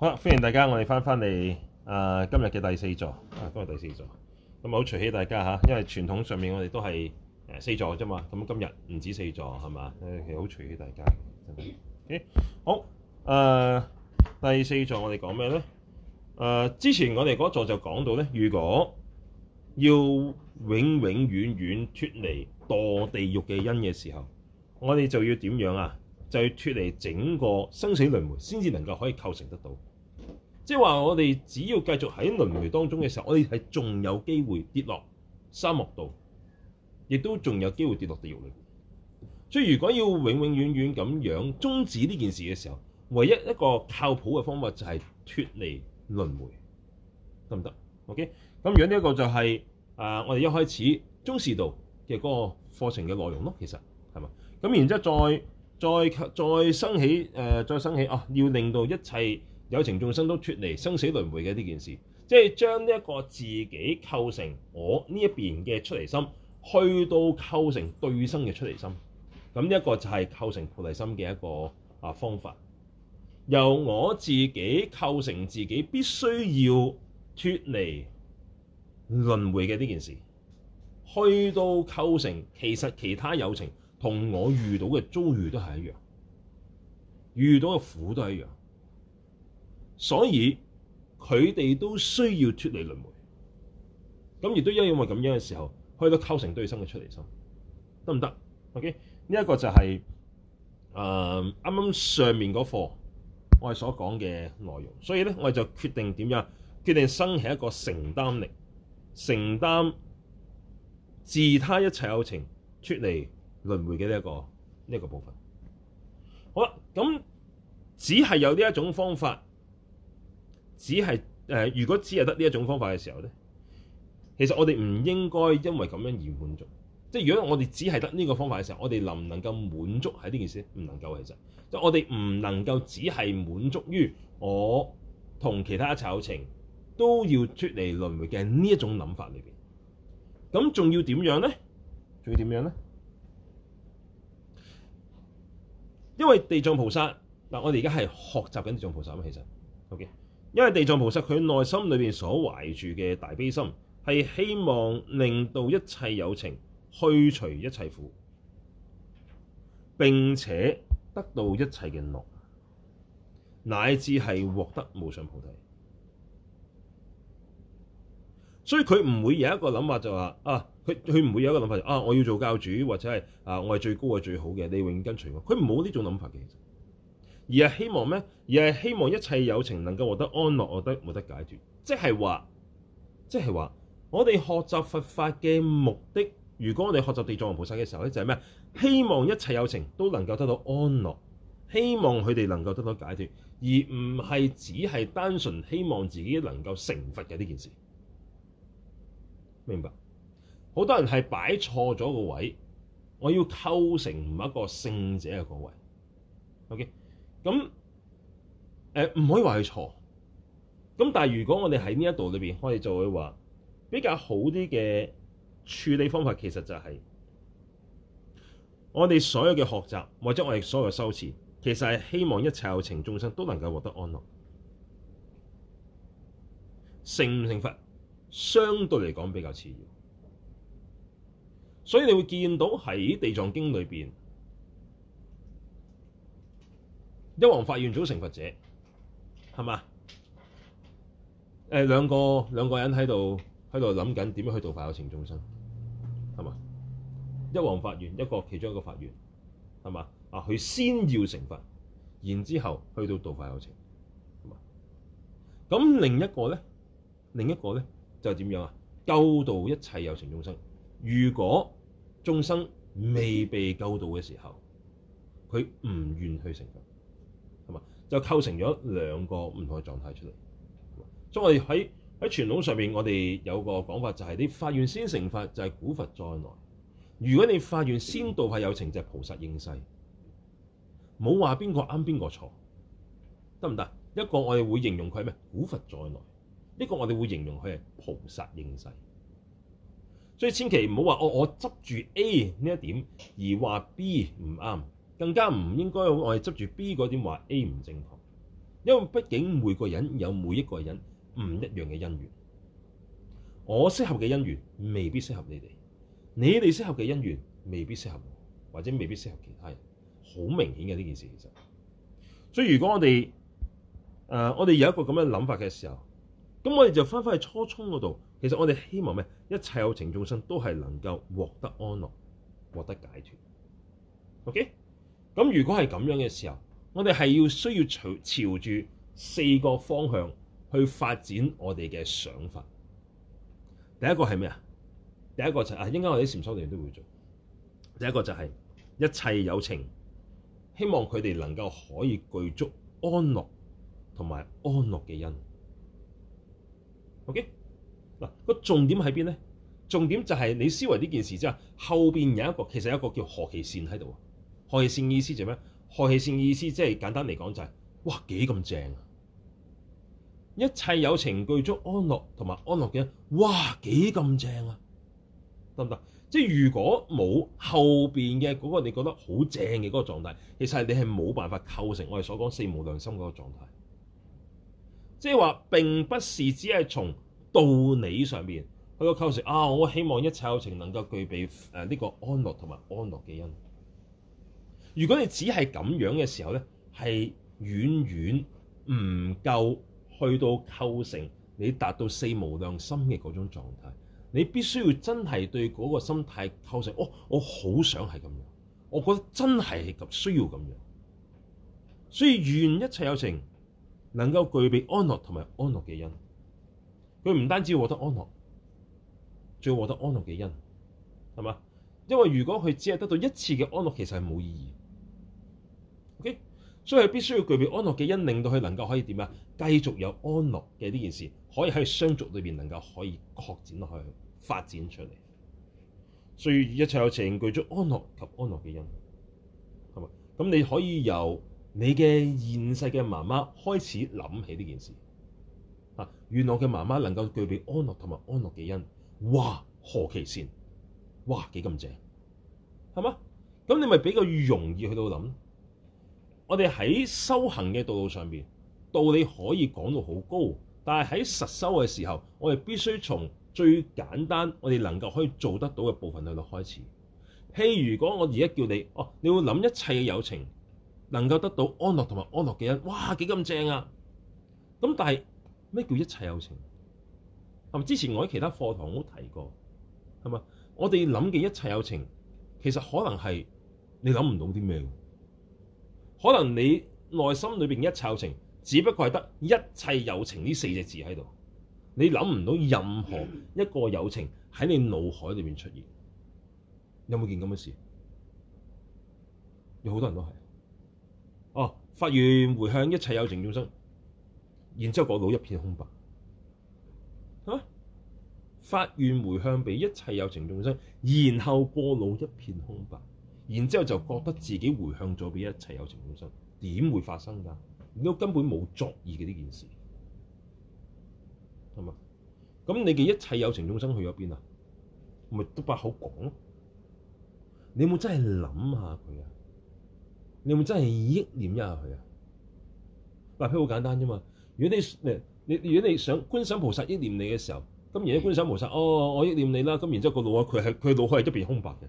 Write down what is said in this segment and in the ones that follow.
好啦，歡迎大家，我哋翻翻嚟，誒、呃，今日嘅第四座，啊、今日第四座，咁好隨喜大家吓，因為傳統上面我哋都係誒四座嘅啫嘛，咁今日唔止四座係嘛，誒、呃，其實好隨喜大家真係 o 好，誒、呃，第四座我哋講咩咧？誒、呃，之前我哋嗰座就講到咧，如果要永永遠遠遠脫離墮地獄嘅因嘅時候，我哋就要點樣啊？就要脫離整個生死輪迴，先至能夠可以構成得到。即係話，是我哋只要繼續喺輪迴當中嘅時候，我哋係仲有機會跌落沙漠度，亦都仲有機會跌落地獄裏。所以，如果要永永遠遠咁樣終止呢件事嘅時候，唯一一個靠譜嘅方法就係脫離輪迴，得唔得？OK。咁樣呢一個就係、是呃、我哋一開始中士道嘅嗰個課程嘅內容咯，其實係嘛？咁然之後再再再生起、呃、再生起哦、啊，要令到一切。有情眾生都脫離生死輪迴嘅呢件事，即係將呢一個自己構成我呢一邊嘅出離心，去到構成對生嘅出離心，咁呢一個就係構成菩提心嘅一個啊方法。由我自己構成自己必須要脫離輪迴嘅呢件事，去到構成其實其他有情同我遇到嘅遭遇都係一樣，遇到嘅苦都係一樣。所以佢哋都需要脫離輪迴，咁亦都因為咁樣嘅時候，可以都構成對生嘅出離心，得唔得？OK，呢一個就係誒啱啱上面嗰課我哋所講嘅內容。所以咧，我哋就決定點樣？決定生起一個承擔力，承擔自他一切有情脫離輪迴嘅呢一個呢一個部分。好啦，咁只係有呢一種方法。只係誒、呃，如果只係得呢一種方法嘅時候咧，其實我哋唔應該因為咁樣而滿足。即係如果我哋只係得呢個方法嘅時候，我哋能唔能夠滿足喺呢件事？唔能夠其實，即係我哋唔能夠只係滿足於我同其他一切有情都要出離輪迴嘅呢一種諗法裏邊。咁仲要點樣咧？仲要點樣咧？因為地藏菩薩嗱，我哋而家係學習緊地藏菩薩其實 OK。因為地藏菩薩佢內心裏邊所懷住嘅大悲心，係希望令到一切有情去除一切苦，並且得到一切嘅樂，乃至係獲得無上菩提。所以佢唔會有一個諗法就話係，啊，佢佢唔會有一個諗法就係，啊，我要做教主或者係啊，我係最高嘅最好嘅，你永遠跟隨我。佢冇呢種諗法嘅。而係希望咩？而係希望一切有情能夠獲得安樂，獲得獲得解脫。即係話，即係話，我哋學習佛法嘅目的，如果我哋學習地藏王菩薩嘅時候咧，就係咩？希望一切有情都能夠得到安樂，希望佢哋能夠得到解脫，而唔係只係單純希望自己能夠成佛嘅呢件事。明白？好多人係擺錯咗個位，我要構成一個聖者嘅個位。OK。咁，誒唔可以話佢錯。咁但係如果我哋喺呢一度裏面，我哋就會話比較好啲嘅處理方法，其實就係我哋所有嘅學習，或者我哋所有嘅修持，其實係希望一切有情眾生都能夠獲得安樂。成唔成佛，相對嚟講比較次要。所以你會見到喺《地藏經》裏面。一王發願做成佛者，係嘛？誒兩個兩個人喺度喺度諗緊點樣去度化有情眾生，係嘛？一王發願一個，其中一個發願係嘛？啊，佢先要成佛，然之後去到度化有情，係嘛？咁另一個咧，另一個咧就係、是、點樣啊？救度一切有情眾生。如果眾生未被救度嘅時候，佢唔願去成佛。就構成咗兩個唔同嘅狀態出嚟，所以我哋喺喺傳統上面，我哋有一個講法就係：你發完先成法成佛，就係古佛在內；如果你發完先度法度化有情就係菩薩應世。冇話邊個啱，邊個錯，得唔得？一個我哋會形容佢係咩？古佛在內，一個我哋會形容佢係菩薩應世。所以千祈唔好話我我執住 A 呢一點而話 B 唔啱。更加唔應該我哋執住 B 嗰點話 A 唔正確，因為畢竟每個人有每一個人唔一樣嘅因緣，我適合嘅因緣未必適合你哋，你哋適合嘅因緣未必適合我，或者未必適合其他人，好明顯嘅呢件事其實。所以如果我哋，誒、呃、我哋有一個咁嘅諗法嘅時候，咁我哋就翻返去初衷嗰度。其實我哋希望咩？一切有情眾生都係能夠獲得安樂，獲得解脫。OK。咁如果係咁樣嘅時候，我哋係要需要朝朝住四個方向去發展我哋嘅想法。第一個係咩啊？第一個就係、啊，應該我哋啲禪修定都會做。第一個就係、是、一切有情，希望佢哋能夠可以具足安樂同埋安樂嘅因。O K，嗱個重點喺邊咧？重點就係你思維呢件事之後，後邊有一個其實有一個叫何其善喺度。何其善意思就咩、是？何其善意思即係簡單嚟講就係、是，哇幾咁正啊！一切有情具足安樂同埋安樂嘅因，哇幾咁正啊！得唔得？即係如果冇後邊嘅嗰個你覺得好正嘅嗰個狀態，其實你係冇辦法構成我哋所講四無量心嗰個狀態。即係話並不是只係從道理上面去個構成啊！我希望一切有情能夠具備誒呢個安樂同埋安樂嘅因。如果你只係咁樣嘅時候咧，係遠遠唔夠去到構成你達到四無量心嘅嗰種狀態。你必須要真係對嗰個心態構成，哦，我好想係咁樣，我覺得真係咁需要咁樣。所以願一切有情能夠具備安樂同埋安樂嘅因，佢唔單止要獲得安樂，仲要獲得安樂嘅因，係嘛？因為如果佢只係得到一次嘅安樂，其實係冇意義。所以必須要具備安樂嘅因，令到佢能夠可以點啊？繼續有安樂嘅呢件事，可以喺相續裏邊能夠可以擴展落去發展出嚟。所以一切有情具足安樂及安樂嘅因，係咪？咁你可以由你嘅現世嘅媽媽開始諗起呢件事。啊，願我嘅媽媽能夠具備安樂同埋安樂嘅因，哇，何其善！哇，幾咁正，係嗎？咁你咪比較容易去到諗。我哋喺修行嘅道路上面，道理可以講到好高，但係喺實修嘅時候，我哋必須從最簡單，我哋能夠可以做得到嘅部分去到開始。譬如果我而家叫你哦，你會諗一切嘅有情能夠得到安樂同埋安樂嘅因，哇，幾咁正啊！咁但係咩叫一切有情？係咪之前我喺其他課堂都提過？係咪？我哋諗嘅一切有情，其實可能係你諗唔到啲咩。可能你內心裏面一切情，只不過係得一切有情呢四隻字喺度，你諗唔到任何一個有情喺你腦海裏面出現。有冇見咁嘅事？有好多人都係、啊，哦、啊，發願回向一切有情眾生，然之後過腦一片空白，法、啊、發願回向俾一切有情眾生，然後過腦一片空白。然之後就覺得自己回向咗俾一切有情眾生，點會發生㗎？你都根本冇作意嘅呢件事，係嘛？咁你嘅一切有情眾生去咗邊啊？咪都把口講咯。你有冇真係諗下佢啊？你有冇真係憶念一下佢啊？嗱，譬如好簡單啫嘛。如果你你如果你，你，你，你想觀想菩薩憶念你嘅時候，咁而家觀想菩薩，嗯、哦，我憶念你啦。咁然之後個腦啊，佢係佢腦海係一片空白嘅。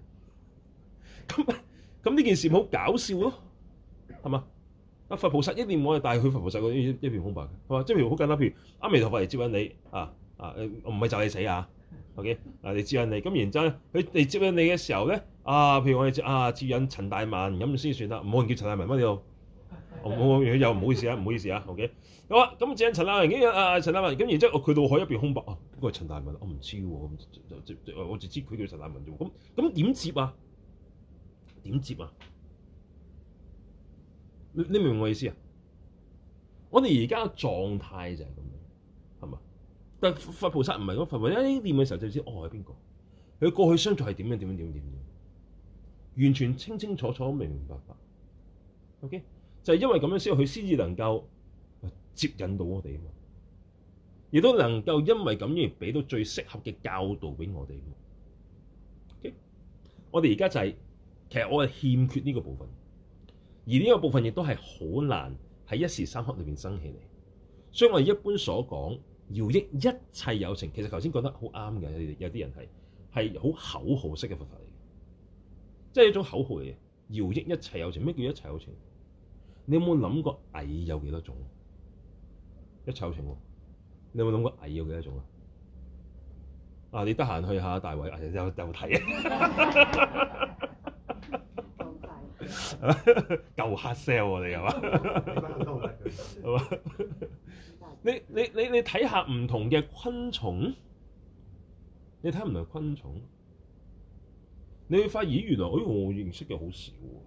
咁咁呢件事好搞笑咯？係嘛？阿佛菩薩定唔可以帶佢佛菩薩嗰一片空白嘅係嘛？即係譬如好簡單，譬如阿彌陀佛嚟接引你啊啊！我唔係就你死啊！OK 嗱、啊，你接引你咁，然之後咧，佢哋接引你嘅時候咧，啊，譬如我哋啊接引陳大文咁先算啦。冇人叫陳大文乜嘢好？我有唔好意思啊，唔好意思啊。OK 好咁接引陳大文啊陳大文咁，然之後佢到海一片空白啊，邊個係陳大文我唔知喎，我就知佢叫陳大文，咁咁點接呀？點接啊？你你明唔明我意思啊？我哋而家嘅狀態就係咁樣，係嘛？但係佛，佛菩薩唔係咁佛慧一念嘅時候就知哦係邊個？佢過去相處係點樣？點樣？點樣？點樣？完全清清楚楚、明明白白。O.K. 就係因為咁樣先，佢先至能夠接引到我哋啊！亦都能夠因為咁而俾到最適合嘅教導俾我哋。o、OK? 我哋而家就係、是。其實我係欠缺呢個部分，而呢個部分亦都係好難喺一時三刻裏邊生起嚟，所以我哋一般所講饒益一切有情，其實頭先講得好啱嘅，有啲人係係好口號式嘅佛法嚟，即係一種口號嚟嘅。饒益一切有情，咩叫一切有情？你有冇諗過蟻有幾多種？一切有情，你有冇諗過蟻有幾多種啊？啊，你得閒去一下大圍，有有冇睇啊？ 夠黑 sell 啊！你係嘛？係嘛？ 你你你你睇下唔同嘅昆蟲，你睇唔同嘅昆蟲，你會發現原來，我認識嘅好少，啊，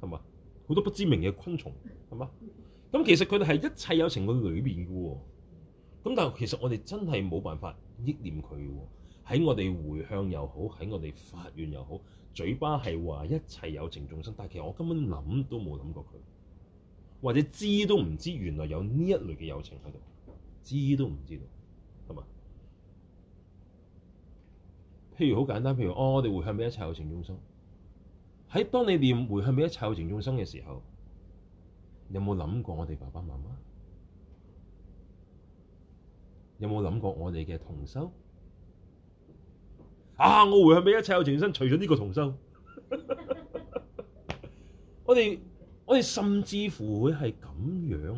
係嘛？好多不知名嘅昆蟲，係嘛？咁其實佢哋係一切有情嘅裏邊嘅，啊，咁但係其實我哋真係冇辦法憶念佢喺，啊、我哋回向又好，喺我哋發願又好。嘴巴係話一切有情眾生，但係其實我根本諗都冇諗過佢，或者知都唔知原來有呢一類嘅有情喺度，知都唔知道，係咪？譬如好簡單，譬如哦，我哋回向俾一切有情眾生。喺當你念回向俾一切有情眾生嘅時候，有冇諗過我哋爸爸媽媽？有冇諗過我哋嘅同修？啊！我回向俾一切有情眾生，除咗呢個同修， 我哋我哋甚至乎會係咁樣，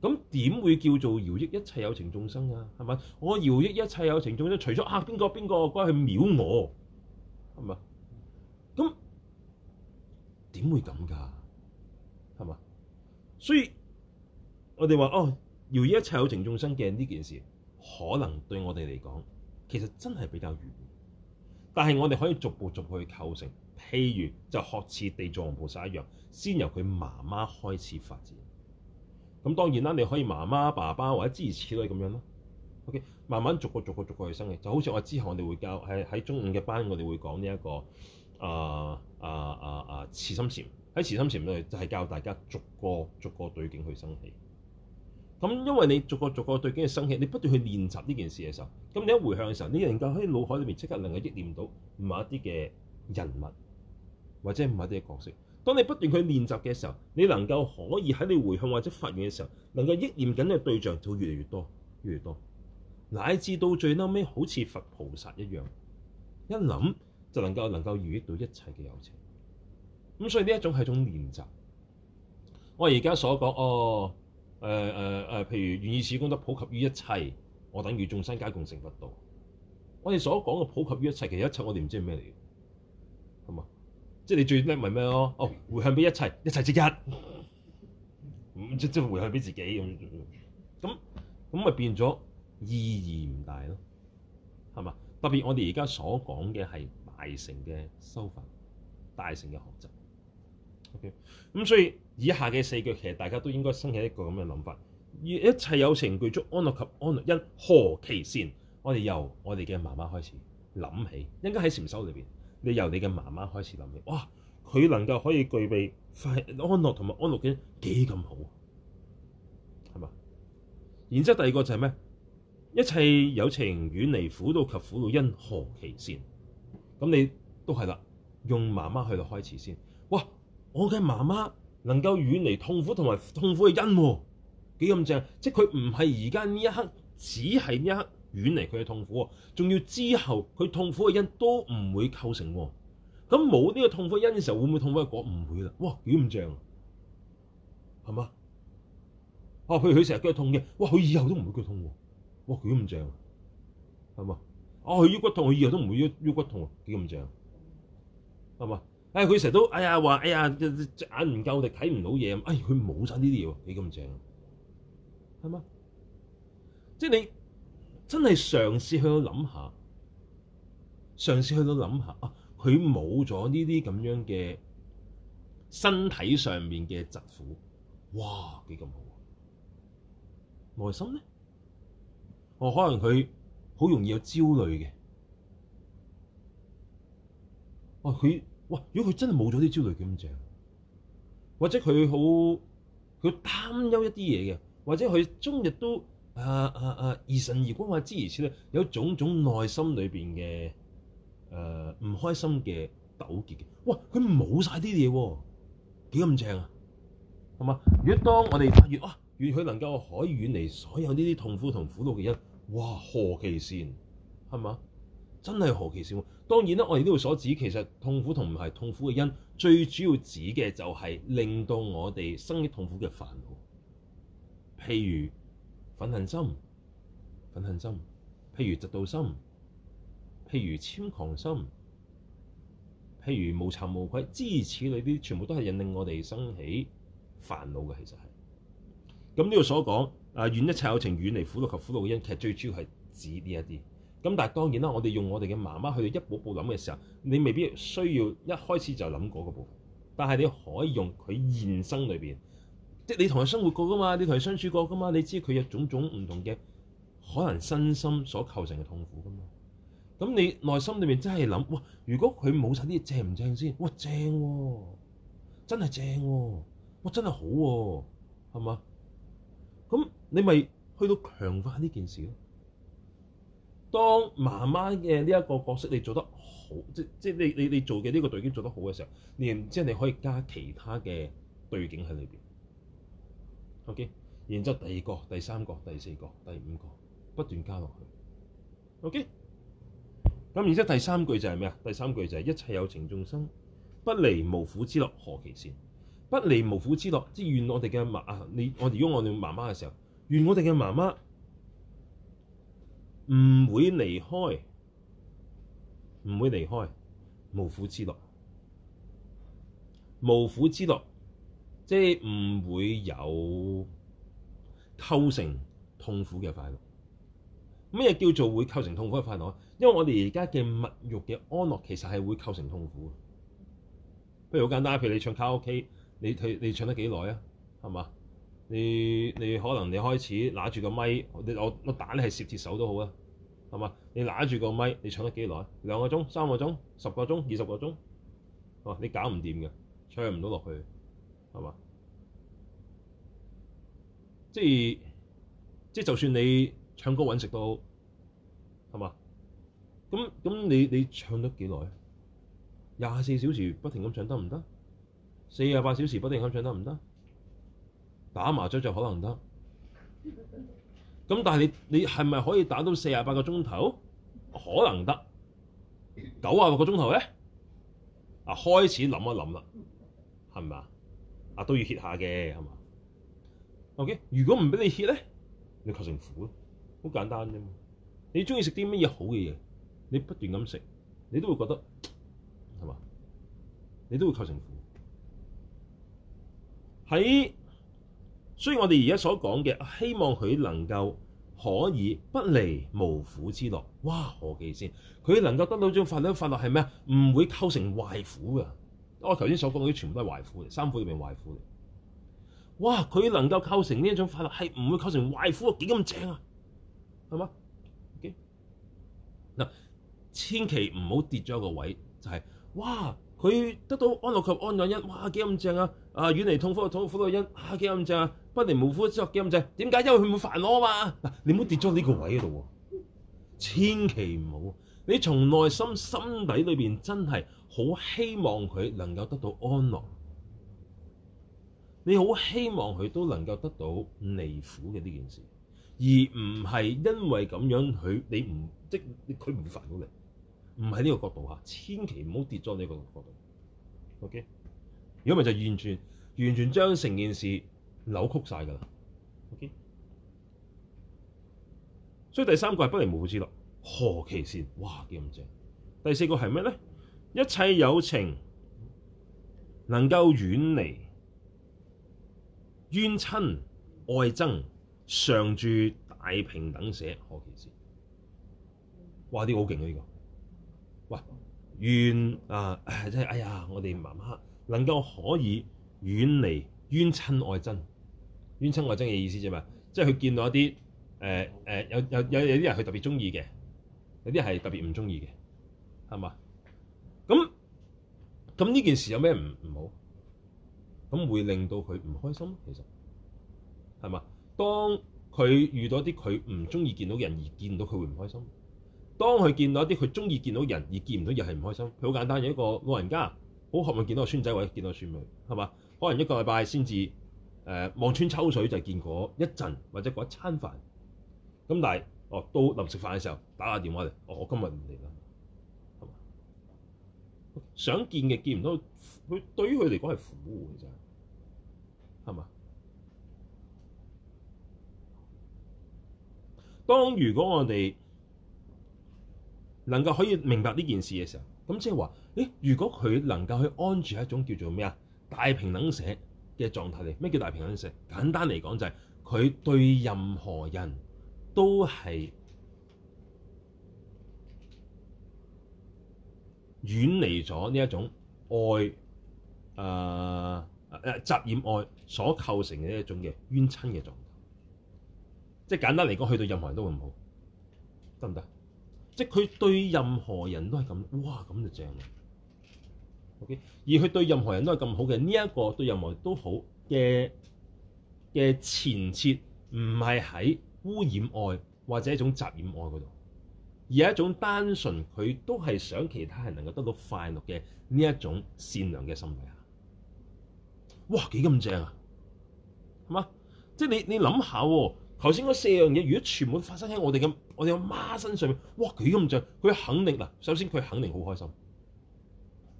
咁點會叫做饒益一切有情眾生啊？係咪？我饒益一切有情眾生，除咗啊邊個邊個過去秒我，係咪？咁點會咁噶？係嘛？所以我哋話哦，饒益一切有情眾生嘅呢件事，可能對我哋嚟講，其實真係比較遠，但係我哋可以逐步逐步去構成。譬如就學似地藏菩薩一樣，先由佢媽媽開始發展。咁當然啦，你可以媽媽、爸爸或者諸如此類咁樣咯。OK，慢慢逐個逐個逐個去生氣，就好似我之後我哋會教係喺中午嘅班我們會講、這個，我哋會講呢一個啊啊啊啊慈心禪，喺慈心禪裏，就係教大家逐個逐個對境去生氣。咁因為你逐個逐個對境嘅生起，你不斷去練習呢件事嘅時候，咁你一回向嘅時候，你能夠喺腦海裏面即刻能夠憶念到某一啲嘅人物或者某一啲嘅角色。當你不斷去練習嘅時候，你能夠可以喺你回向或者發願嘅時候，能夠憶念緊嘅對象就越嚟越多，越嚟越多，乃至到最嬲尾好似佛菩薩一樣，一諗就能夠能夠預益到一切嘅有情。咁所以呢一種係一種練習。我而家所講哦。誒誒誒，譬如願以此功德普及於一切，我等與眾生皆共成佛道。我哋所講嘅普及於一切，其實一切我哋唔知係咩嚟嘅，係嘛？即係你最叻咪咩咯？哦，回向俾一切，一切即一，唔即即回向俾自己咁，咁咁咪變咗意義唔大咯，係嘛？特別我哋而家所講嘅係大乘嘅修法，大乘嘅學習。咁、okay。所以以下嘅四句，其實大家都應該生起一個咁嘅諗法。以一切有情具足安樂及安樂因，何其善！我哋由我哋嘅媽媽開始諗起，應該喺禪修裏邊，你由你嘅媽媽開始諗起，哇，佢能夠可以具備快安樂同埋安樂嘅幾咁好啊？係嘛？然之後第二個就係咩？一切有情遠離苦道及苦道因，何其善？咁你都係啦，用媽媽去到開始先，哇！我嘅媽媽能夠遠離痛苦同埋痛苦嘅因啊，幾咁正？即係佢唔係而家呢一刻，只係呢一刻遠離佢嘅痛苦啊！仲要之後佢痛苦嘅因都唔會構成啊。咁冇呢個痛苦嘅因嘅時候，會唔會痛苦嘅果？唔會啦！哇，幾咁正啊？係嘛？啊，譬如佢成日腳痛嘅，哇！佢以後都唔會腳痛喎啊。哇，幾咁正啊？係嘛？啊，佢腰骨痛，佢以後都唔會腰腰骨痛啊！幾咁正？係嘛？哎，佢成日都哎呀，話哎呀，隻眼唔夠力睇唔到嘢。哎，佢冇晒呢啲嘢，幾咁正，係嘛？即係你真係嘗試去到諗下，嘗試去到諗下啊，佢冇咗呢啲咁樣嘅身體上面嘅疾苦，哇，幾咁好啊！內心咧，哦，可能佢好容易有焦慮嘅，哦，佢。哇！如果佢真係冇咗啲焦慮，幾咁正？或者佢好佢擔憂一啲嘢嘅，或者佢終日都啊啊啊疑神疑鬼、患之如此咧，有種種內心裏邊嘅誒唔開心嘅糾結嘅。哇！佢冇晒啲嘢，幾咁正啊？係嘛？如果當我哋發願啊，願、啊、佢能夠可以遠離所有呢啲痛苦同苦惱嘅因，哇！何其善，係嘛？真係何其善、啊！當然啦，我哋呢度所指其實痛苦同唔係痛苦嘅因，最主要指嘅就係令到我哋生起痛苦嘅煩惱。譬如憤恨心、憤恨心，譬如嫉妒心，譬如諂誑心，譬如無慚無愧，諸如此類啲，全部都係引令我哋生起煩惱嘅。其實係咁呢度所講，啊、呃、遠一切有情，遠離苦惱及苦惱嘅因，其實最主要係指呢一啲。咁但係當然啦，我哋用我哋嘅媽媽去到一步步諗嘅時候，你未必需要一開始就諗嗰個部分。但係你可以用佢現生裏邊，即係你同佢生活過噶嘛，你同佢相處過噶嘛，你知佢有種種唔同嘅可能身心所構成嘅痛苦噶嘛。咁你內心裏面真係諗哇，如果佢冇晒啲嘢，正唔正先哇？正喎、啊，真係正喎、啊，哇真係好喎、啊，係嘛？咁你咪去到強化呢件事咯。當媽媽嘅呢一個角色你做得好，即、就、即、係、你你你做嘅呢個對境做得好嘅時候，然之後你可以加其他嘅對境喺裏邊。OK，然之後第二個、第三個、第四個、第五個不斷加落去。OK，咁然之後第三句就係咩啊？第三句就係、係、一切有情眾生不離無苦之樂何其善，不離無苦之樂，即願我哋嘅媽啊，你我如果我哋媽媽嘅時候，願我哋嘅媽媽。唔會離開，唔會離開無苦之樂，無苦之樂，即係唔會有構成痛苦嘅快樂。咩叫做會構成痛苦嘅快樂？因為我哋而家嘅物欲嘅安樂，其實係會構成痛苦。譬如好簡單，譬如你唱卡拉 OK，你佢你唱得幾耐啊？係嘛？你你可能你開始拿住個咪，你我我打你係攝鐵手都好啊，係嘛？你拿住個咪，你唱得幾耐？兩個鐘、三個鐘、十個鐘、二十個鐘，哇！你搞唔掂嘅，唱唔到落去，係嘛？即係即係，就算你唱歌揾食都好，係嘛？咁咁，你你唱得幾耐啊？廿四小時不停咁唱得唔得？四廿八小時不停咁唱得唔得？打麻雀就可能得，咁但係你你係咪可以打到四十八個鐘頭？可能得九十六個鐘頭咧？啊，開始諗一諗啦，係咪啊？啊，都要歇下嘅係嘛？OK，如果唔俾你歇呢，咧，你求成苦咯，好簡單啫嘛。你中意食啲乜嘢好嘅嘢，你不斷咁食，你都會覺得係嘛？你都會求成苦喺。所以我哋而家所講嘅，希望佢能夠可以不離無苦之樂。哇，何其善！佢能夠得到呢種法，呢種法樂係咩啊？唔會構成壞苦㗎。我頭先所講嘅啲全部都係壞苦嚟，三苦入邊壞苦嚟，哇！佢能夠構成呢一種法樂係唔會構成壞苦啊，幾咁正啊？係嘛？嗱，okay？千祈唔好跌咗一個位，就係，是，哇！佢得到安樂及安樂因，哇，幾咁正啊！啊，遠離痛苦嘅痛苦到因，啊，幾咁正啊！不離無苦之樂，幾咁正？點解？因為佢唔會煩我啊嘛！你唔好跌咗呢個位度喎，千祈唔好。你從內心心底裏邊真係好希望佢能夠得到安樂，你好希望佢都能夠得到離苦嘅呢件事，而唔係因為咁樣佢你唔即佢唔會煩到你。唔喺呢個角度下，千祈唔好跌咗呢個角度。角度 OK，如果唔係就完全完全將成件事扭曲晒㗎喇。OK，所以第三個係不離無苦之樂，何其善！哇，幾咁正！第四個係咩咧？一切有情能夠遠離怨親愛憎，常住大平等捨，何其善！哇，呢個好勁啊！呢個怨啊，即係哎呀，我哋媽媽能夠可以遠離冤親愛憎，冤親愛憎嘅意思啫嘛，即係佢見到一啲誒誒，有有有有啲人佢特別中意嘅，有啲係特別唔中意嘅，係嘛？咁咁呢件事有咩唔唔好？咁會令到佢唔開心，其實係嘛？當佢遇到一啲佢唔中意見到嘅人而見到佢會唔開心？當佢見到一啲佢中意見到人而見唔到嘢，係唔開心。佢好簡單嘅一個老人家，好渴望見到個孫仔或者見到個孫女，係嘛？可能一個禮拜先至誒，望穿秋水，就係見嗰一陣或者嗰一餐飯。咁但係哦，到臨食飯嘅時候打下電話嚟，哦，我今日唔嚟啦，係嘛？想見嘅見唔到，佢對於佢嚟講係苦嘅，其實係嘛？當如果我哋能夠可以明白呢件事嘅時候，咁即係話，誒，如果佢能夠去安住一種叫做咩啊大平等捨嘅狀態嚟，咩叫大平等捨？簡單嚟講就係、是、佢對任何人都係遠離咗呢一種愛，誒、呃、誒，執念愛所構成嘅一種嘅冤親嘅狀態，即係簡單嚟講，去到任何人都會唔好，得唔得？即佢對任何人都係咁，哇咁就正啦。OK，而佢對任何人都係咁好嘅，呢一個對任何人都好嘅嘅前設唔係喺污染愛或者一種雜染愛嗰度，而係一種單純佢都係想其他人能夠得到快樂嘅呢一種善良嘅心理。啊！哇，幾咁正啊？係嘛？即你你諗下喎、啊。頭先嗰四樣嘢，如果全部發生喺我哋嘅我哋阿媽身上面，哇幾咁正！佢肯定嗱，首先佢肯定好開心，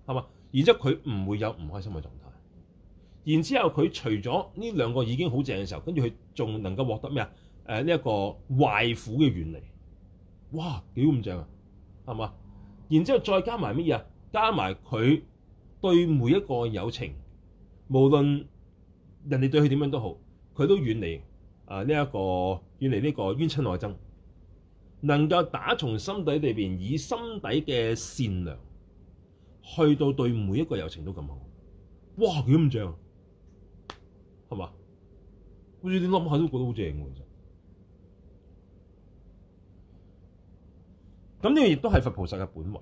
係嘛？然之後佢唔會有唔開心嘅狀態。然之後佢除咗呢兩個已經好正嘅時候，跟住佢仲能夠獲得咩啊？誒呢一個壞苦嘅遠離，哇幾咁正啊，係嘛？然之後再加埋乜嘢啊？加埋佢對每一個有情，無論人哋對佢點樣都好，佢都遠離。啊！呢、這、一個遠離呢個怨親愛憎，能夠打從心底裏面，以心底嘅善良，去到對每一個有情都咁好。哇！咁正，啊，係嘛？好似你諗下都覺得好正喎。其實，咁呢個亦都係、啊、佛菩薩嘅本懷。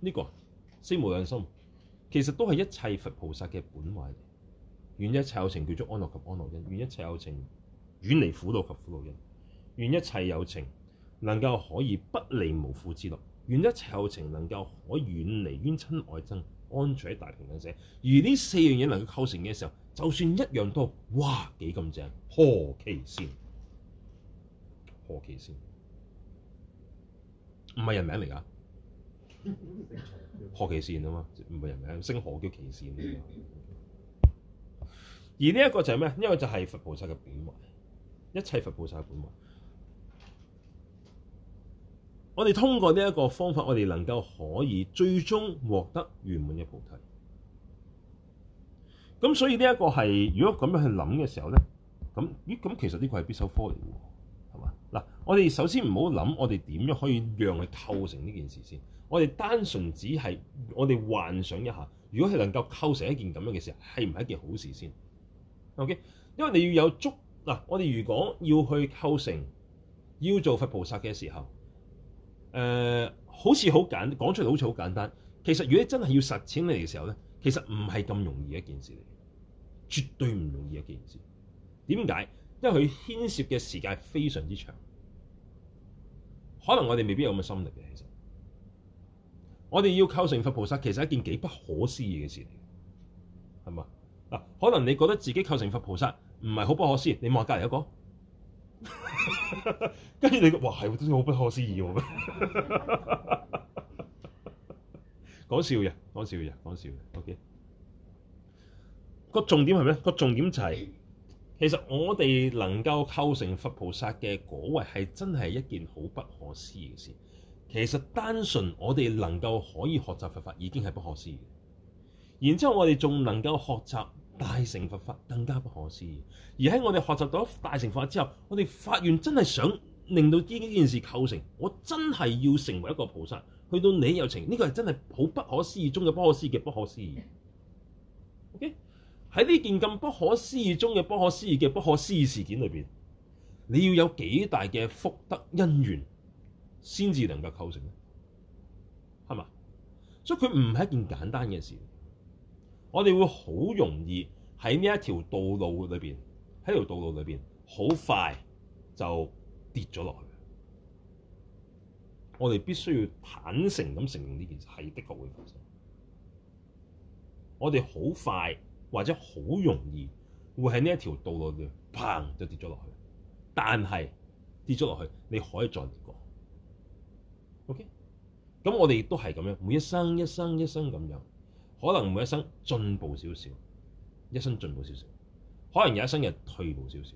呢、這個四無量心，其實都係一切佛菩薩嘅本懷。願一切有情叫做安樂及安樂因，願一切有情遠離苦惱及苦惱因，願一切有情能夠可以不離無苦之樂，願一切有情能夠可以遠離冤親愛憎，安住喺大平等捨。而呢四樣嘢能夠構成嘅時候，就算一樣多，哇，幾咁正？何其善？何其善？唔係人名嚟噶。 何其善啊嘛？唔係人名，姓何叫其善。 而呢一個就係咩？呢個就係佛菩薩嘅本懷，一切佛菩薩嘅本懷。我哋通過呢一個方法，我哋能夠可以最終獲得圓滿嘅菩提。咁所以呢一個係，如果咁樣去諗嘅時候咧，咁咦，咁其實呢個係必修科嚟嘅喎，係嘛？嗱，我哋首先唔好諗，我哋點樣可以讓佢構成呢件事先。我哋單純只係我哋幻想一下，如果係能夠構成一件咁樣嘅事，係唔係一件好事先？O.K.，因為你要有足嗱、啊，我哋如果要去構成要做佛菩薩嘅時候，呃、好似好簡講出嚟好似好簡單，其實如果你真係要實踐你嘅時候咧，其實唔係咁容易一件事嚟，絕對唔容易一件事。點解？因為佢牽涉嘅時間非常之長，可能我哋未必有咁嘅心力嘅。其實，我哋要構成佛菩薩，其實係一件幾不可思議嘅事嚟，係嘛？可能你覺得自己構成佛菩薩唔係好不可思議，你望隔離一個，跟 住你話係，真係好不可思議喎、啊！講笑嘅，講笑嘅，講笑嘅。OK，個重點係咩？個重點就係、是、其實我哋能夠構成佛菩薩嘅果位係真係一件好不可思議嘅事。其實單純我哋能夠可以學習佛法已經係不可思議，然之後我哋仲能夠學習。大乘佛法更加不可思議，而喺我哋學習到大乘佛法之後，我哋發願真係想令到呢件事構成，我真係要成為一個菩薩，去到你有情，呢個係真係好不可思議中嘅不可思議嘅不可思議。OK，喺呢件咁不可思議中嘅不可思議嘅不可思議事件裏面，你要有幾大嘅福德因緣先至能夠構成，係嘛？所以佢唔係一件簡單嘅事。我哋會好容易喺呢一條道路裏邊，喺條道路裏邊，好快就跌咗落去。我哋必須要坦誠咁承認呢件事係的確會發生。我哋好快或者好容易會喺呢一條道路裏邊砰就跌咗落去。但係跌咗落去，你可以再跌過。OK，咁我哋亦都係咁樣，每一生、一生、一生咁樣。可能每一生進步少少，一生進步少少，可能有一生又退步少少，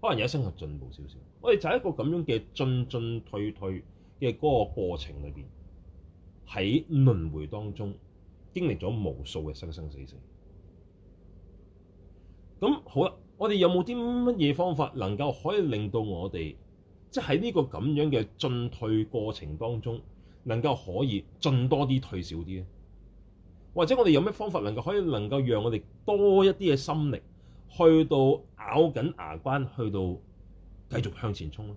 可能有一生又進步少少。我哋就係一個咁樣嘅進進退退嘅嗰個過程裏邊，喺輪迴當中經歷咗無數嘅生生死死。咁好啦，我哋有冇啲乜嘢方法能夠可以令到我哋，即係呢個咁樣嘅進退過程當中，能夠可以進多啲退少啲咧？或者我哋有咩方法能夠可以能夠讓我哋多一啲嘅心力，去到咬緊牙關，去到繼續向前衝咧？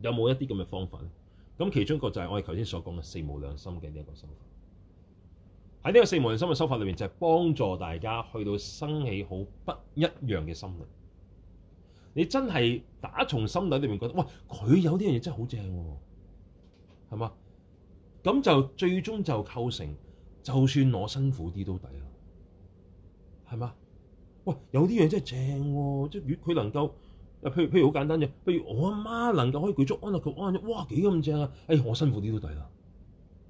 有冇一啲咁嘅方法咧？咁其中一個就係我哋頭先所講嘅四無量心嘅呢一個手法。喺呢個四無量心嘅手法裏面，就係、是、幫助大家去到生起好不一樣嘅心力。你真係打從心底裏面覺得，嘩，佢有啲嘢真係好正喎，係嘛？咁就最終就構成，就算我辛苦啲都抵啦，係嘛？喂，有啲嘢真係正喎，即係佢能夠，譬如譬如好簡單嘅，譬如我阿媽能夠可以具足安樂安樂因，哇幾咁正啊！哎，我辛苦啲都抵啦，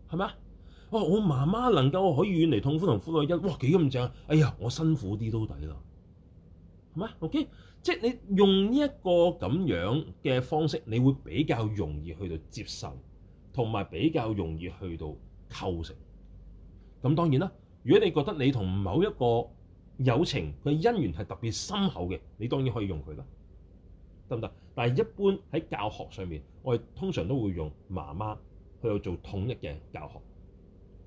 係咪啊？哦，我媽媽能夠可以遠離痛苦同苦惱因，哇幾咁正啊！哎呀，我辛苦啲都抵啦，係咪？OK，即係你用呢、這、一個咁樣嘅方式，你會比較容易去到接受。同埋比較容易去到構成，咁當然啦。如果你覺得你同某一個有情佢嘅因緣係特別深厚嘅，你當然可以用佢啦，得唔得？但係一般喺教學上面，我哋通常都會用媽媽去做統一嘅教學，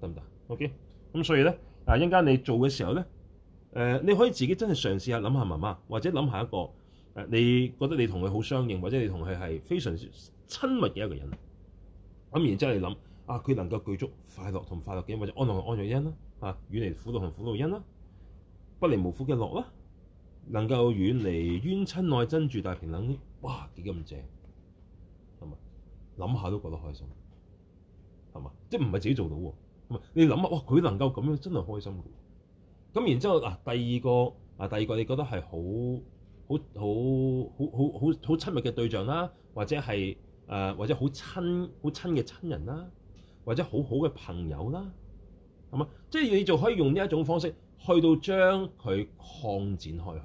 得唔得？OK，咁所以咧，啊一陣間你做嘅時候咧，誒你可以自己真係嘗試下諗下媽媽，或者諗下一個誒，你覺得你同佢好相應，或者你同佢係非常親密嘅一個人。咁然之後你諗啊，佢能夠具足快樂同快樂嘅因，或者安樂同安樂因啦，啊遠離苦惱同苦惱因啦，不離無苦嘅樂啦，能夠遠離冤親愛憎住大平等，哇幾咁正，係嘛？諗下都覺得開心，係嘛？即係唔係自己做到喎？唔係你諗下，哇佢能夠咁樣真係開心嘅。咁然之後嗱，啊，第二個啊，第二個你覺得係好好好好好好好好親密嘅對象啦，或者係。誒，或者好親好親嘅親人啦，或者好好嘅朋友啦，即係、就是、你就可以用呢一種方式去到將佢擴展開去。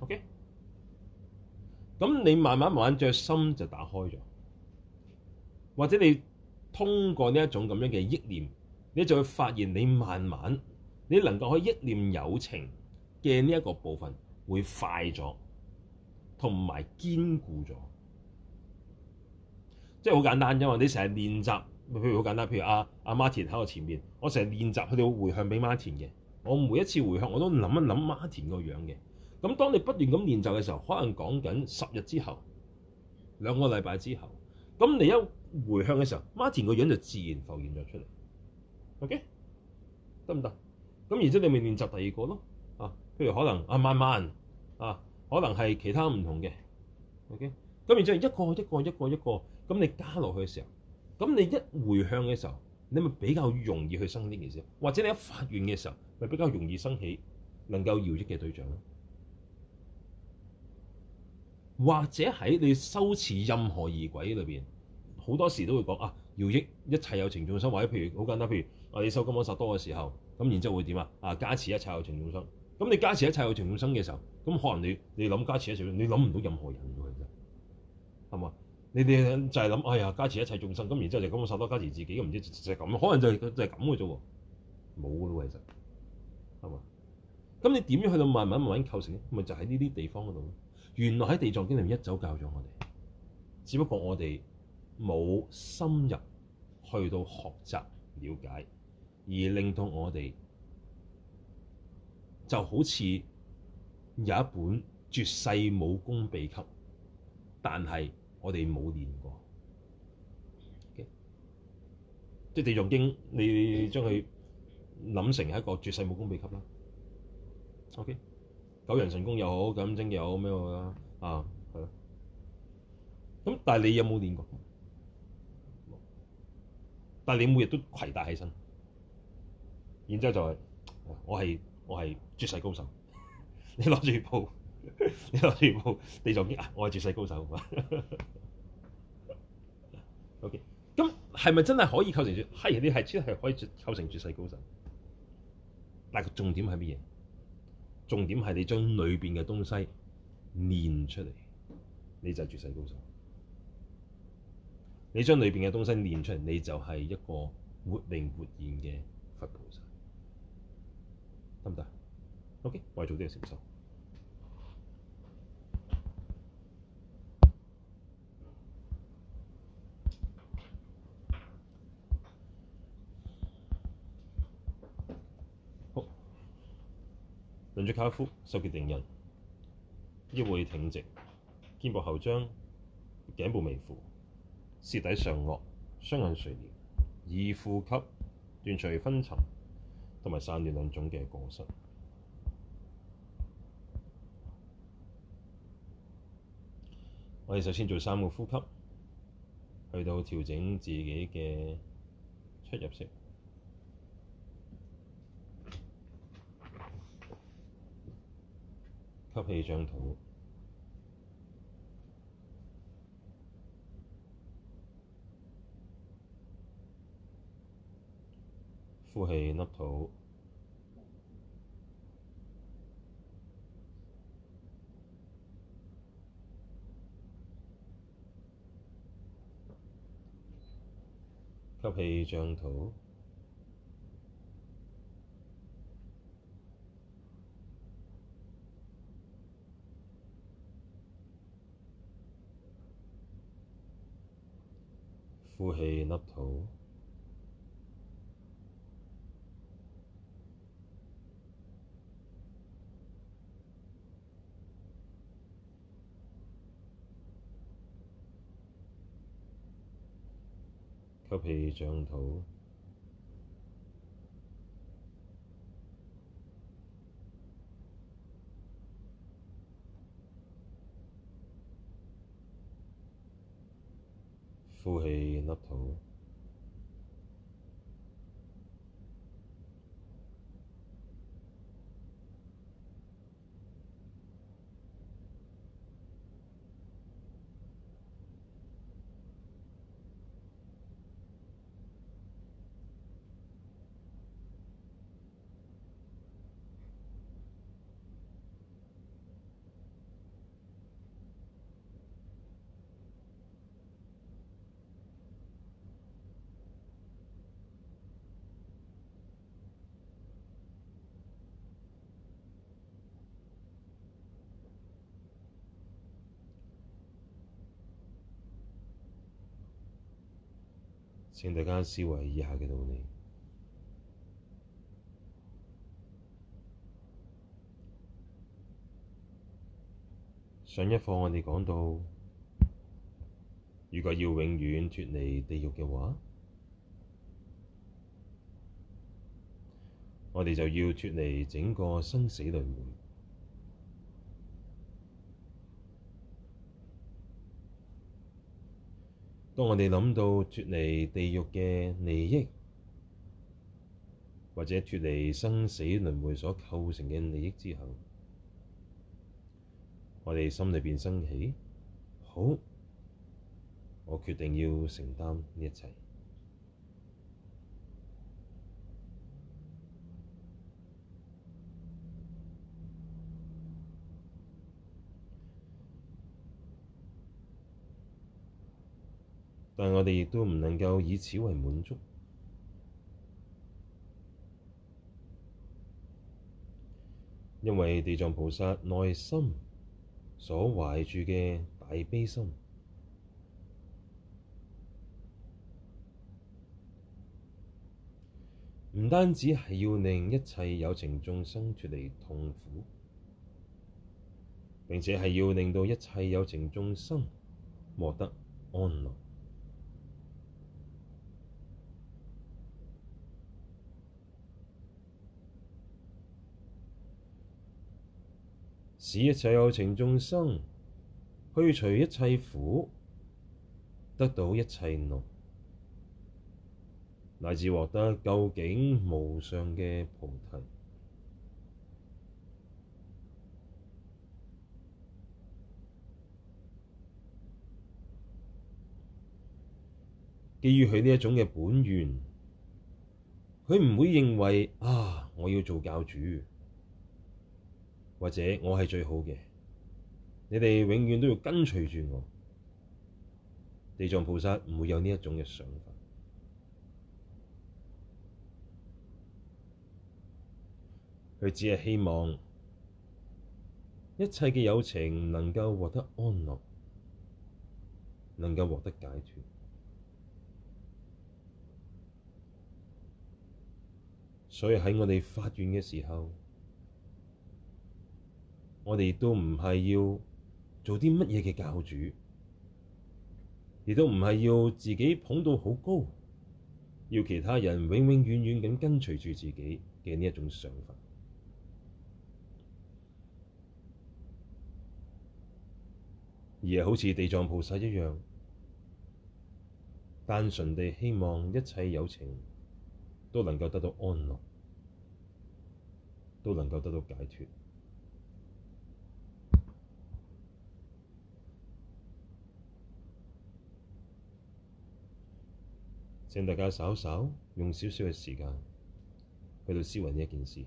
OK，咁你慢慢慢慢著心就打開咗，或者你通過呢一種咁樣嘅憶念，你就會發現你慢慢你能夠可以憶念有情嘅呢一個部分會快咗，同埋堅固咗。即係好簡單啫嘛！你成日練習，譬如好簡單，譬如阿、啊、阿、啊、Martin 喺我前面，我成日練習佢哋會回向俾 Martin 嘅。我每一次回向，我都諗一諗 Martin 個樣嘅。咁當你不斷咁練習嘅時候，可能講緊十日之後兩個禮拜之後，咁你一回向嘅時候，Martin 個樣就自然浮現咗出嚟。OK，得唔得？咁然之後你咪練習第二個咯。啊，譬如可能阿、啊、慢慢，啊，可能係其他唔同嘅 OK。咁然之後一個一個一個一個。一個一個咁你加落去嘅時候，咁你一回向嘅時候，你咪比較容易去生呢件事，或者你一發願嘅時候，咪比較容易生起能夠饒益嘅對象咯。或者喺你修持任何儀軌裏邊，好多時候都會講啊，饒益一切有情眾生，或者譬如好簡單，譬如我哋、啊、修金剛薩埵嘅時候，咁然之後會點啊？啊，加持一切有情眾生。咁你加持一切有情眾生嘅時候，咁可能你你諗加持一切，你諗唔到任何人嘅，其實係咪？你哋就係諗，哎呀，加持一切眾生咁，然之後就咁，我受多加持自己，咁唔知就係咁咯。咁可能就係都係咁嘅啫喎，冇咯。其實係嘛？咁你點樣去到慢慢慢慢構成咧？咪就喺呢啲地方嗰度咯。原來喺地藏經裏面一早教咗我哋，只不過我哋冇深入去到學習了解，而令到我哋就好似有一本絕世武功秘笈，但係我哋冇練過，okay? 即係《地藏經》，你將佢諗成係一個絕世武功秘笈啦。OK，九陽神功又好，九陰真經又好，咩都好啦啊，係啦。咁但係你有冇練過？冇。但係你每日都攜帶起身，然之後就係我係我係絕世高手，你攞住部。你全部你做兼啊，我係絕世高手。O K，咁係咪真係可以構成絕？係，你係真係可以構成絕世高手。但係重點係乜嘢？重點係你將裏邊嘅東西練出嚟，你就係絕世高手。你將裏邊嘅東西練出嚟，你就係一個活靈活現嘅佛菩薩，得唔得？O K，我係做啲人接受。輪著跏趺，收結定印。腰背挺直，肩膊後張，頸部微俯，舌抵上顎，雙眼垂簾，以呼吸，斷除昏沉，同埋散亂兩種嘅過失。我哋首先做三個呼吸，去到調整自己嘅出入息。吸氣，漲肚；呼氣，凹肚；吸氣，漲肚。呼氣，凹肚；吸氣，脹肚。呼氣，凹肚。請大家思維以下嘅道理。上一課我哋講到，如果要永遠脫離地獄嘅話，我哋就要脫離整個生死輪迴。當我哋諗到脱離地獄嘅利益，或者脱離生死輪迴所構成嘅利益之後，我哋心裏面升起：好，我決定要承擔呢一切。但我哋亦都唔能夠以此為滿足，因為地藏菩薩內心所懷住嘅大悲心，唔單止係要令一切有情眾生脱離痛苦，並且係要令到一切有情眾生獲得安樂。使一切有情眾生去除一切苦，得到一切樂，乃至獲得究竟無上嘅菩提。基於佢呢一種嘅本願，佢唔會認為啊，我要做教主。或者我係最好嘅，你哋永遠都要跟隨住我。地藏菩薩唔會有呢一種嘅想法，佢只係希望一切嘅有情能夠獲得安樂，能夠獲得解脫。所以喺我哋發願嘅時候，我哋都唔係要做啲乜嘢嘅教主，亦都唔係要自己捧到好高，要其他人永永遠遠咁跟隨住自己嘅呢一種想法，而係好似地藏菩薩一樣，單純地希望一切有情都能夠得到安樂，都能夠得到解脱。請大家稍稍，用少少嘅時間去到思維呢一件事。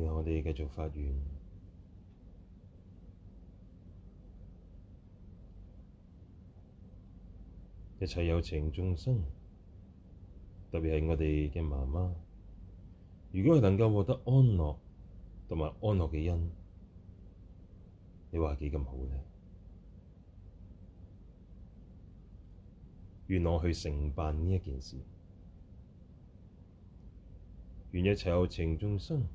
然後我哋繼續發願，一切有情眾生，特別係我哋嘅媽媽，如果佢能夠獲得安樂同埋安樂嘅因，你話係幾咁好咧？願我去成辦呢一件事，願一切有情眾生。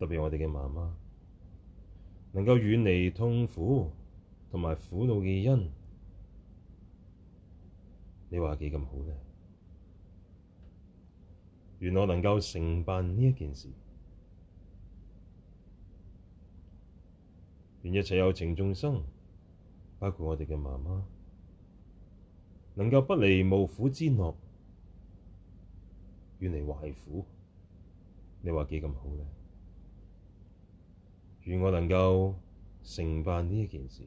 特別我哋嘅媽媽能夠遠離痛苦同埋苦惱嘅因，你話幾咁好呢？願我能夠承辦呢一件事，願一切有情眾生，包括我哋嘅媽媽，能夠不離無苦之樂，遠離壞苦。你話幾咁好呢？願我能夠承辦呢一件事，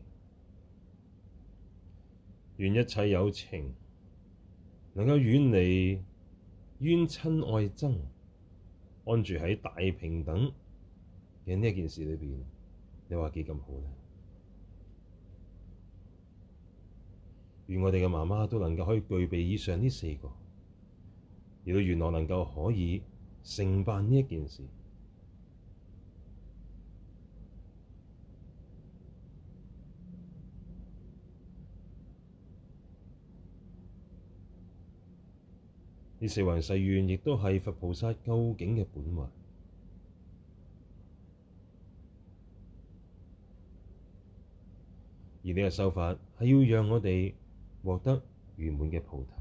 願一切有情能夠遠離冤親愛憎，安住喺大平等嘅呢一件事裏邊。你話幾咁好呢？願我哋嘅媽媽都能夠可以具備以上呢四個，亦都願我能夠可以承辦呢一件事。呢四弘誓願亦都係佛菩薩究竟嘅本懷，而呢個修法係要讓我哋獲得圓滿嘅菩提，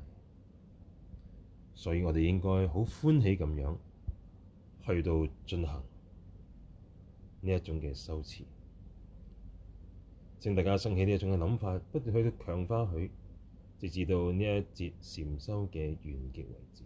所以我哋應該好歡喜咁樣去到進行呢一種嘅修持，請大家生起呢一種嘅諗法，不斷去到強化佢。直至到呢一節禪修嘅完結為止。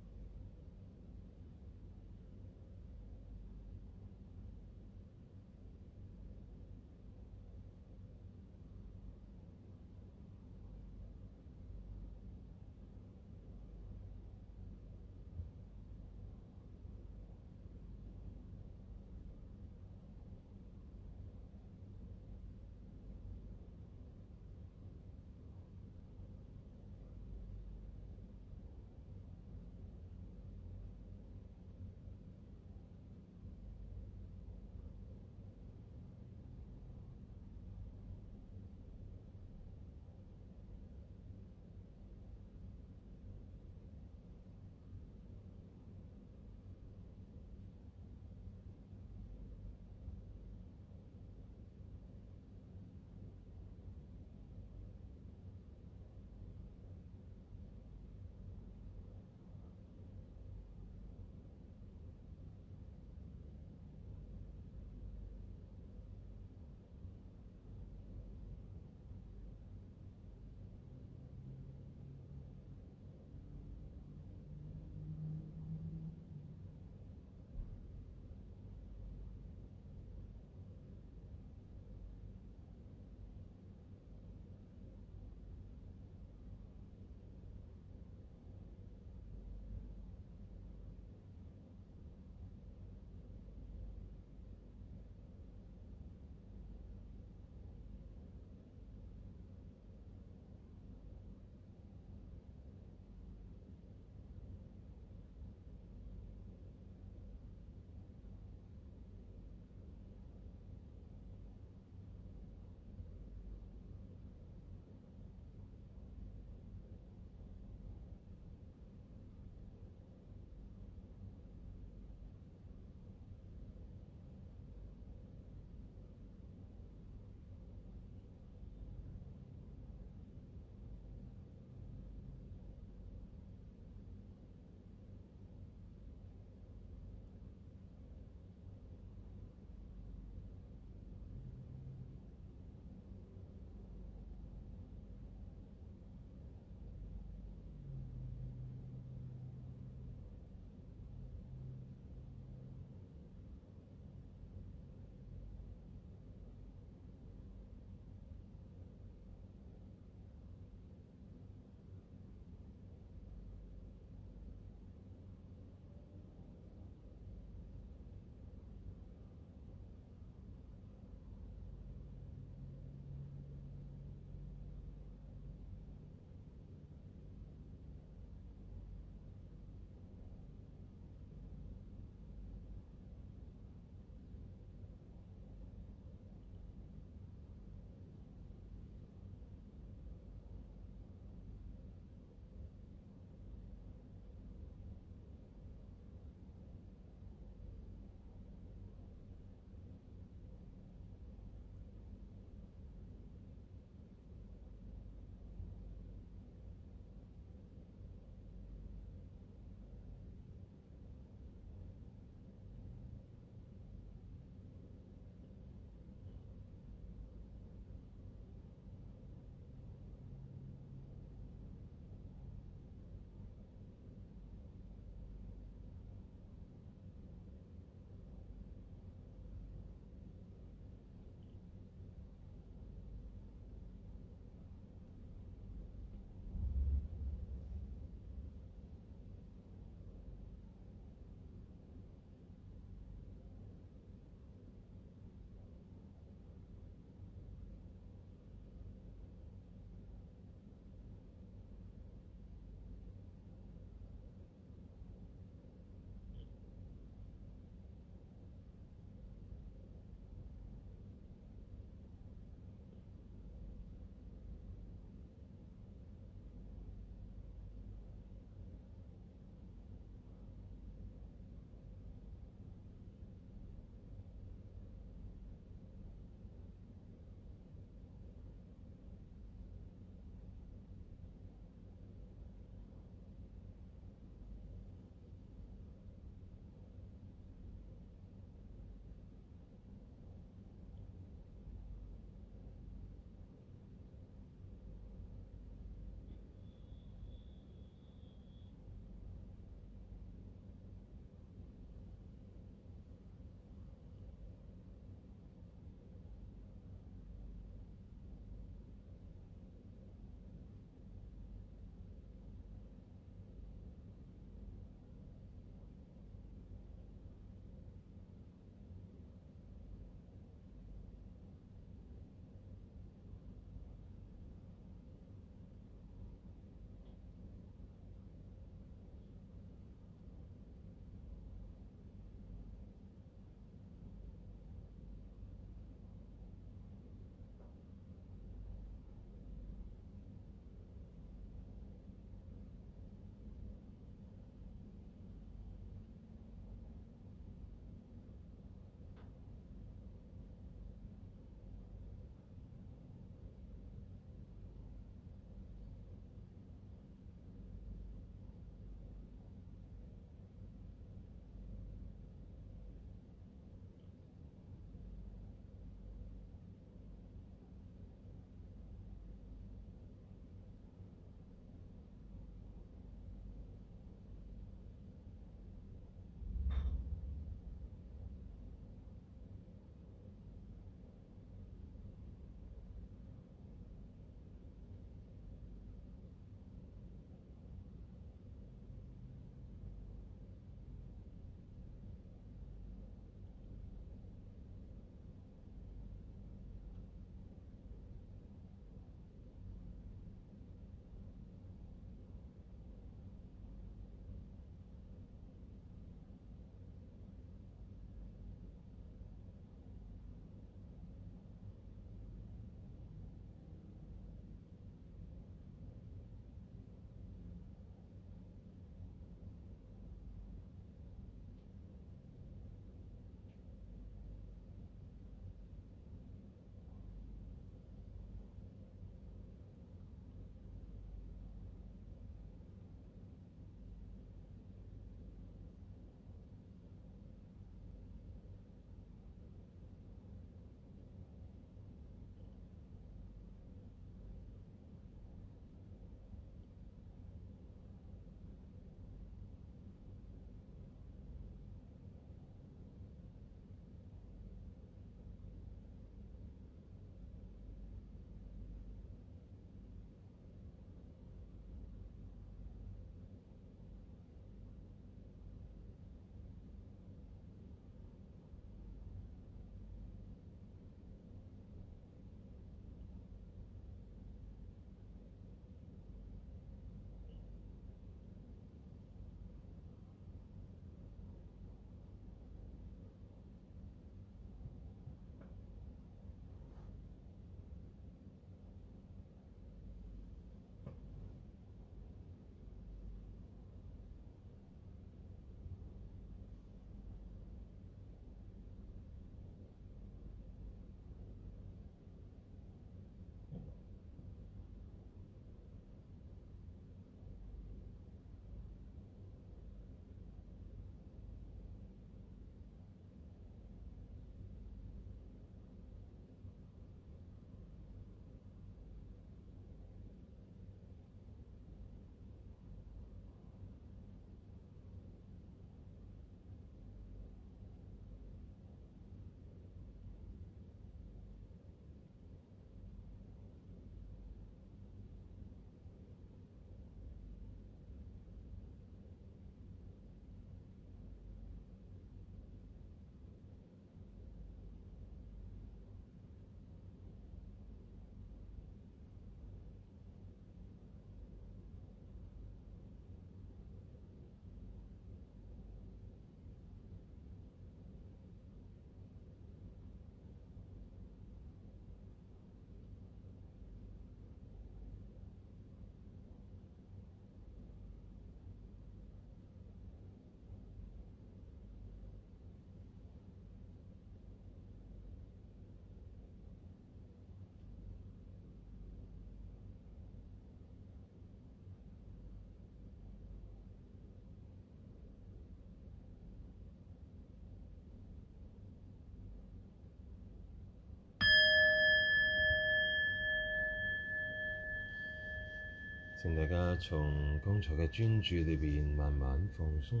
請大家從剛才嘅專注裏面慢慢放鬆，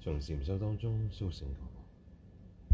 從禪修當中甦醒。